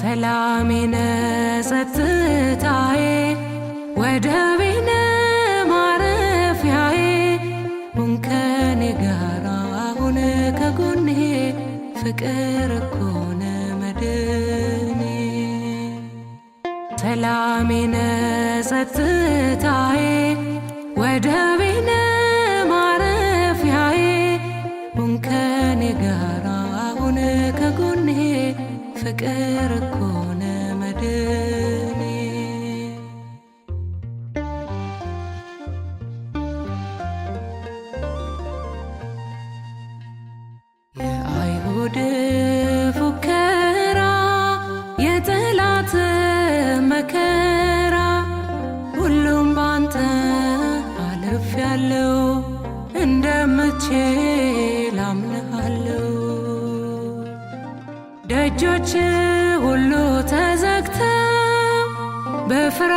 ሰላሜነ ጸጥታዬ ወደቤነ ማረፊያዬ ሁን ከኔ ጋራ ሁን ከጎኔ ፍቅር እኮነ መድኔ ሰላሜነ ጸጥታዬ ፍቅር እኮ መድኔ የአይሁድ ፉከራ የጠላት መከራ ሁሉም ባንተ አለፍ ያለው እንደምቼ ደጆች ሁሉ ተዘግተው በፍራ